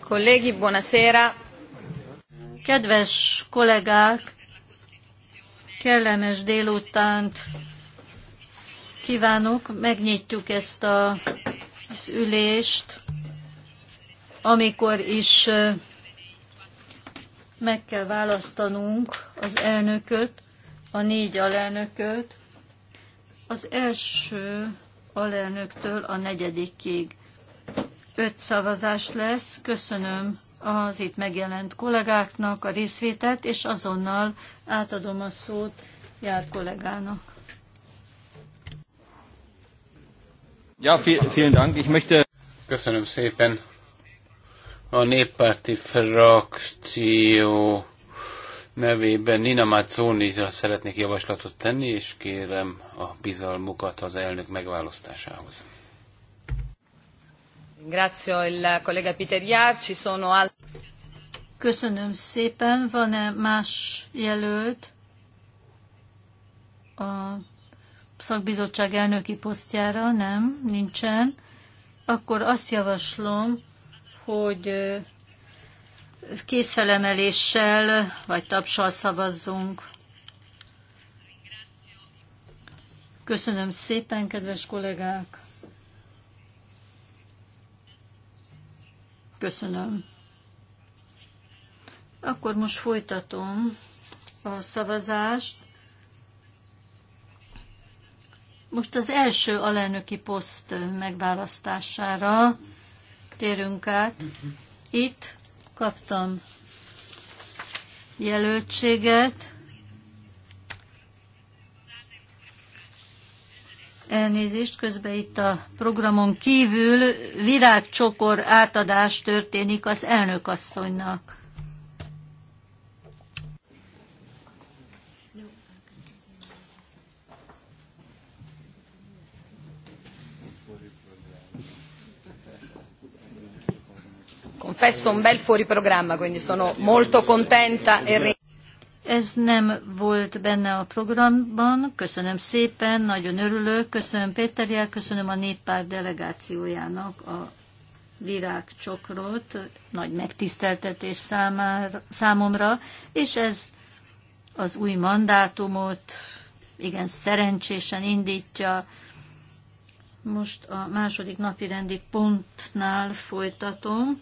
Kollégi, buonasera! Kedves kollégák, kellemes délutánt kívánok. Megnyitjuk ezt a, az ülést, amikor is meg kell választanunk az elnököt, a négy alelnököt, az első alelnöktől a negyedikig öt szavazás lesz. Köszönöm az itt megjelent kollégáknak a részvételt, és azonnal átadom a szót jár kollégának. Ja, vielen Dank. Ich möchte... Köszönöm szépen. A néppárti frakció nevében Nina mazzoni szeretnék javaslatot tenni, és kérem a bizalmukat az elnök megválasztásához. Köszönöm szépen. Van-e más jelölt a szakbizottság elnöki posztjára? Nem, nincsen. Akkor azt javaslom, hogy készfelemeléssel vagy tapsal szavazzunk. Köszönöm szépen, kedves kollégák! Köszönöm. Akkor most folytatom a szavazást. Most az első alelnöki poszt megválasztására térünk át. Itt kaptam jelöltséget. Elnézést, közben itt a programon kívül virágcsokor átadás történik az elnökasszonynak. Confesso un bel fuori programma, quindi sono molto contenta e ez nem volt benne a programban. Köszönöm szépen, nagyon örülök. Köszönöm Péterjel, köszönöm a néppár delegációjának a virágcsokrot, nagy megtiszteltetés számára, számomra, és ez az új mandátumot igen szerencsésen indítja. Most a második napi rendi pontnál folytatom.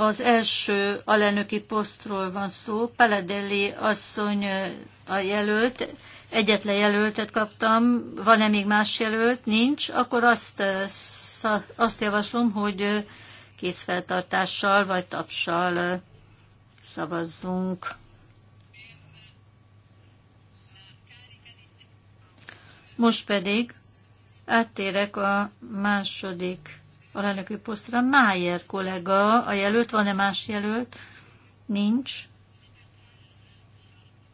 Az első alelnöki posztról van szó, Paladeli asszony a jelölt, egyetlen jelöltet kaptam, van-e még más jelölt? Nincs. Akkor azt, azt javaslom, hogy kézfeltartással vagy tapsal szavazzunk. Most pedig áttérek a második alelnöki posztra. Májer kollega a jelölt, van-e más jelölt? Nincs.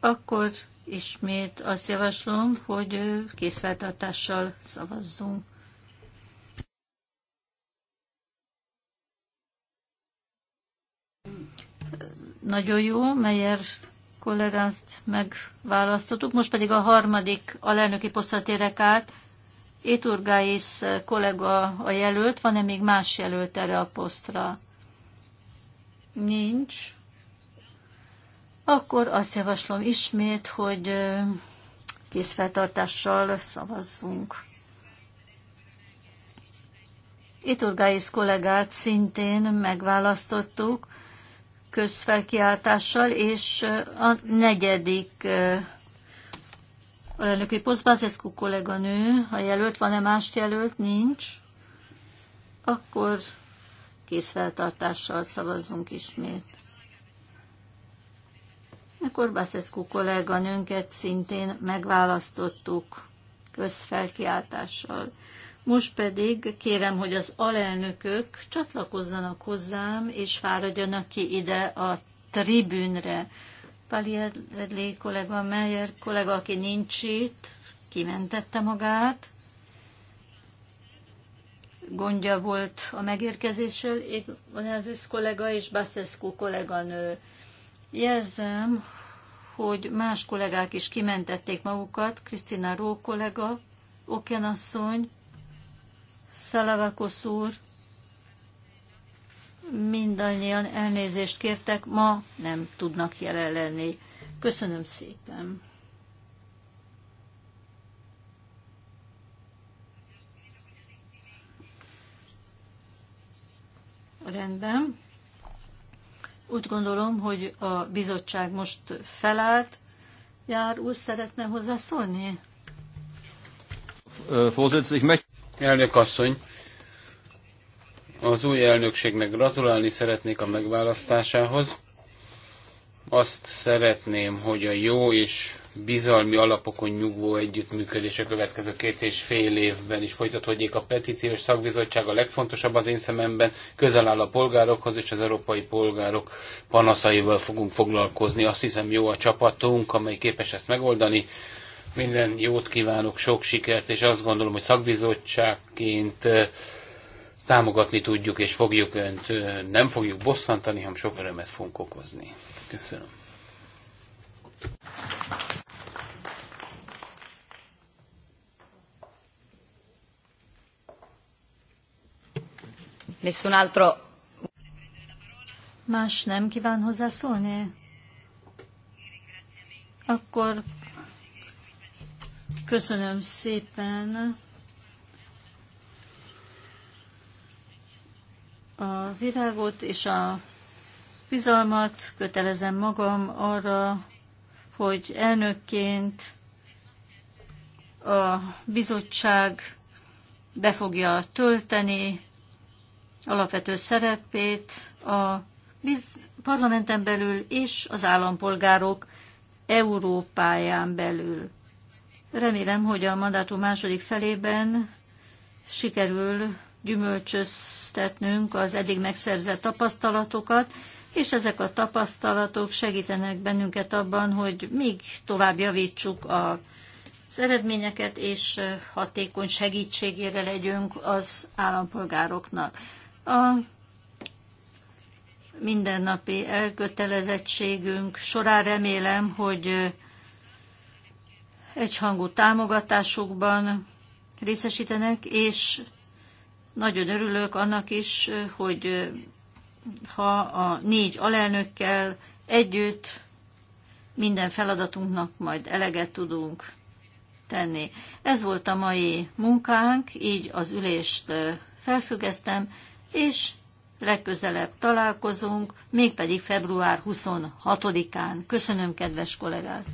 Akkor ismét azt javaslom, hogy készfeltartással szavazzunk. Nagyon jó, Meyer kollégát megválasztottuk. Most pedig a harmadik alelnöki posztra térek át. Iturgais kollega a jelölt, van-e még más jelölt erre a posztra? Nincs. Akkor azt javaslom ismét, hogy készfeltartással szavazzunk. Iturgáis kollégát szintén megválasztottuk közfelkiáltással, és a negyedik alelnöki poszt. Bazescu kolléganő, ha jelölt, van-e más jelölt? Nincs. Akkor készfeltartással szavazzunk ismét. Akkor Baszeszkó kolléganőnket szintén megválasztottuk közfelkiáltással. Most pedig kérem, hogy az alelnökök csatlakozzanak hozzám, és fáradjanak ki ide a tribűnre. Edli kollega, Meyer kollega, aki nincs itt, kimentette magát. Gondja volt a megérkezéssel, Ignazis kollega és Baszeszkó kolléganő. Jelzem, hogy más kollégák is kimentették magukat, Krisztina Ró kollega, Okenasszony, Szalavakos úr, mindannyian elnézést kértek, ma nem tudnak jelen lenni. Köszönöm szépen! Rendben. Úgy gondolom, hogy a bizottság most felállt. Jár úr szeretne hozzászólni? Elnök asszony, az új elnökségnek gratulálni szeretnék a megválasztásához. Azt szeretném, hogy a jó és bizalmi alapokon nyugvó együttműködés a következő két és fél évben is folytatódjék a petíciós szakbizottság. A legfontosabb az én szememben közel áll a polgárokhoz, és az európai polgárok panaszaival fogunk foglalkozni. Azt hiszem jó a csapatunk, amely képes ezt megoldani. Minden jót kívánok, sok sikert, és azt gondolom, hogy szakbizottságként támogatni tudjuk és fogjuk önt, nem fogjuk bosszantani, hanem sok örömet fogunk okozni. Köszönöm. Nessun altro. Más nem kíván hozzászólni? Akkor köszönöm szépen a virágot és a bizalmat, kötelezem magam arra, hogy elnökként a bizottság be fogja tölteni alapvető szerepét a parlamenten belül és az állampolgárok Európáján belül. Remélem, hogy a mandátum második felében sikerül gyümölcsöztetnünk az eddig megszerzett tapasztalatokat, és ezek a tapasztalatok segítenek bennünket abban, hogy még tovább javítsuk a az eredményeket, és hatékony segítségére legyünk az állampolgároknak. A mindennapi elkötelezettségünk során remélem, hogy egyhangú támogatásukban részesítenek, és nagyon örülök annak is, hogy ha a négy alelnökkel együtt minden feladatunknak majd eleget tudunk tenni. Ez volt a mai munkánk, így az ülést felfüggesztem, és legközelebb találkozunk, mégpedig február 26-án. Köszönöm, kedves kollégák!